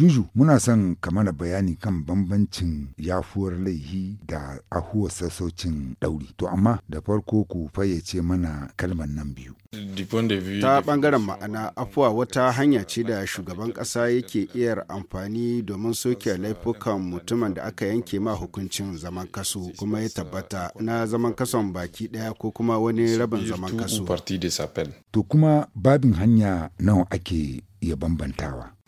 Juju muna son ka mana bayani kan bambancin yafuwar laihi da ahuwar sassaucin ɗauri. To amma da farko ku fayyace mana kalmar nan biyu. Ta ɓangaren ma'ana afuwa wata hanya ce da shugaban ƙasa yake iyar amfani domin soke laifukan mutumin da aka yanke ma hukuncin zaman kaso kuma ya tabbata na zaman kason baki ɗaya ko kuma wani rabin zaman kaso. To kuma babin hanya nawa ake iya bambantawa.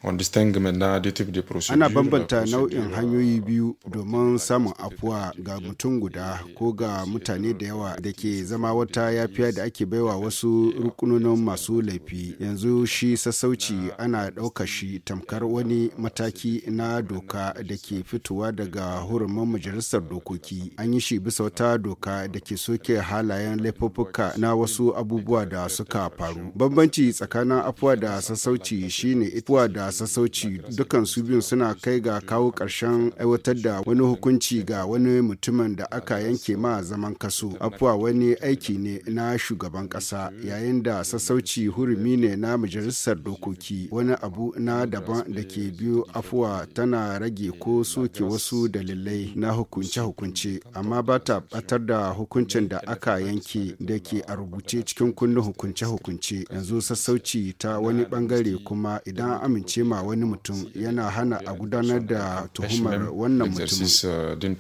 Ana bambanta nau'in hanyoyi biyu domin samun afuwa ga mutum guda ko ga mutane da yawa da ke zama wata yafiya da ake baiwa wasu rukunonin masu laifi. Yanzu shi sassauci ana ɗauka shi tamkar wani mataki na doka da ke fitowa daga hurumin majalisar dokoki. An yi shi bisa wata doka da ke soke halayen laifuffuka na wasu abubuwa da suka faru. Bambanci tsakanin afuwa da sassauci shine afuwa da sassauci dukan su biyun suna kai ga kawo ƙarshen aiwatar da wani hukunci ga wani mutumin da aka yanke ma zaman kaso afuwa wani aiki ne na shugaban ƙasa yayin da sassauci hurumi ne na majalisar dokoki wani abu na daban da ke biyu afuwa tana rage ko soke wasu dalilai na hukunce-hukunce amma ba ta batar da hukuncin da aka yanke da ke a rubuce cikin kundin hukunce-hukunce yanzu sassauci ta wani bangare kuma idan amince cema wani mutum yana hana a gudanar da tuhumar wannan mutumin.